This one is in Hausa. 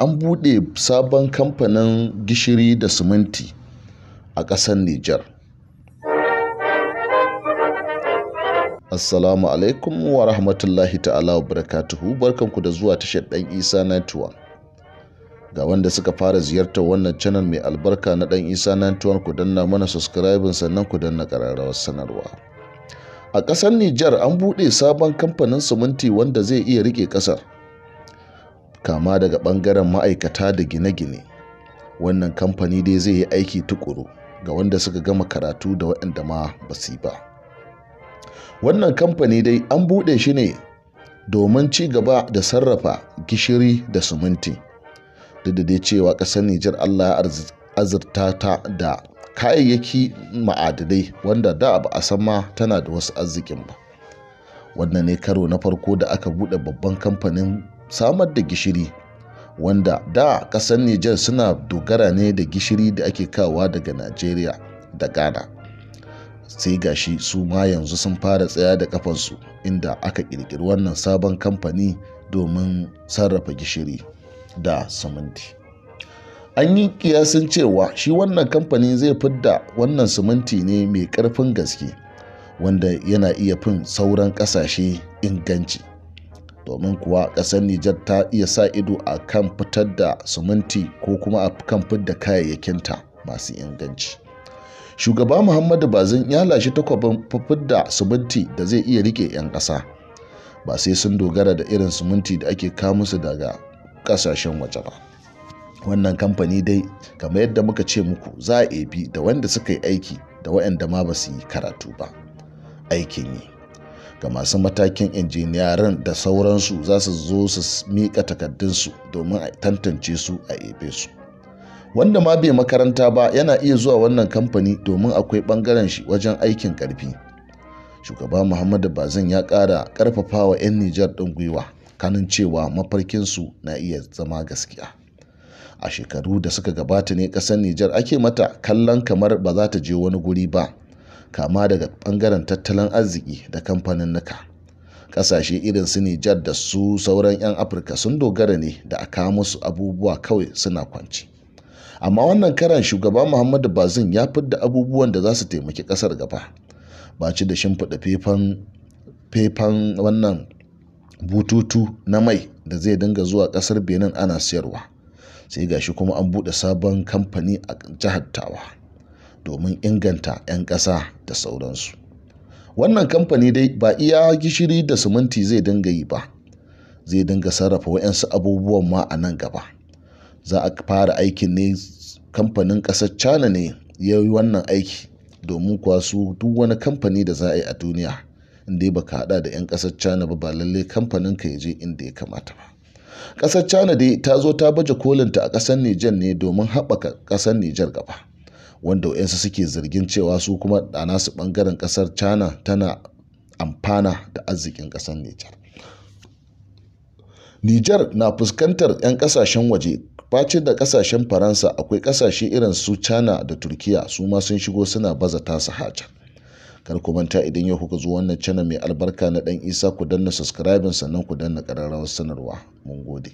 An buɗe sabon kamfanin gishiri da siminti a ƙasar Nijar. Assalamu alaikum wa rahmatullahi ta'ala wa barakatuhu barkanku da zuwa tashar ɗan Isa 91. Ga wanda suka fara ziyartar wannan canal mai albarka na ɗan Isa 91 ku danna mana subscribing sannan ku danna ƙararrawar sanarwa. A ƙasar Nijar an buɗe sabon kamfanin siminti wanda zai iya riƙe ƙasar. kama daga ɓangaren ma'aikata da gine-gine wannan kamfani dai zai yi aiki tukuru ga wanda suka gama karatu da waɗanda ma ba su ba wannan kamfani dai an buɗe shi ne domin ci gaba da sarrafa gishiri da suminti duk da dai cewa ƙasar nijar allah ya azurta ta da kayayyaki ma'adadai wanda da ba a san ma tana da wasu arzikin ba wannan ne karo na farko da aka buɗe babban kamfanin samar da gishiri wanda da ƙasar Nijar suna dogara ne da gishiri da ake kawa daga Najeriya da Ghana. Sai gashi su ma yanzu sun fara tsaya da kafansu inda aka ƙirƙiri wannan sabon kamfani domin sarrafa gishiri da siminti. An yi kiyasin cewa shi wannan kamfani zai fidda wannan siminti ne mai ƙarfin gaske wanda yana iya fin sauran ƙasashe inganci. domin kuwa ƙasar Nijar ta iya sa ido a kan fitar da suminti ko kuma a kan kayayyakin kayayyakinta masu inganci. Shugaba Muhammadu Bazin ya lashe takwabin da suminti da zai iya rike 'yan ƙasa. Ba sai sun dogara da irin suminti da ake kawo musu daga ƙasashen waje ba. Wannan kamfani dai, kamar yadda muka ce muku za a ebi da wanda suka yi aiki da waɗanda ma ba su yi karatu ba. Aikin yi. ga masu matakin injiniyarin da sauransu za su zo su miƙa takardunsu domin a tantance su a ebe su wanda ma bai makaranta ba yana iya zuwa wannan kamfani domin akwai ɓangaren shi wajen aikin ƙarfi shugaba muhammadu bazin ya ƙara ƙarfafawa 'yan nijar ɗin gwiwa kanin cewa mafarkinsu na iya zama gaskiya a shekaru da suka gabata ne ƙasar nijar ake mata kallon kamar ba za ta je wani guri ba kama daga ɓangaren tattalin arziki da kamfanin nuka. ƙasashe irin su Nijar da su sauran 'yan Afirka sun dogara ne da a kawo musu abubuwa kawai suna kwanci. Amma wannan karan shugaba Muhammadu Bazin ya fidda abubuwan da za su taimaki ƙasar gaba. Ba ci da shimfiɗa faifan wannan bututu na mai da zai dinga zuwa ƙasar Benin ana siyarwa. Sai gashi kuma an buɗe sabon kamfani a jihar Tawa. domin inganta 'yan ƙasa da sauransu wannan kamfani dai ba iya gishiri da siminti zai dinga yi ba zai dinga sarrafa wa'yansu abubuwan ma a nan gaba za a fara aikin ne kamfanin ƙasar china ne ya yi wannan aiki domin kwasu duk wani kamfani da za a yi a duniya inda ba ka hada da 'yan ƙasar china ba ba lallai kamfanin ka ya je inda ya kamata ba ƙasar china dai ta zo ta baje kolinta a ƙasar niger ne domin haɓaka ƙasar niger gaba wanda wayansu suke zargin cewa su kuma a nasu bangaren ƙasar china tana amfana da arzikin kasar nijar nijar na fuskantar 'yan kasashen waje face da kasashen faransa akwai ƙasashe irin su china da turkiya su ma sun shigo suna baza tasu hajar kar manta idan ya kuka zo wannan channel mai albarka na dan isa ku danna subscribing sannan ku danna kararrawar sanarwa mun gode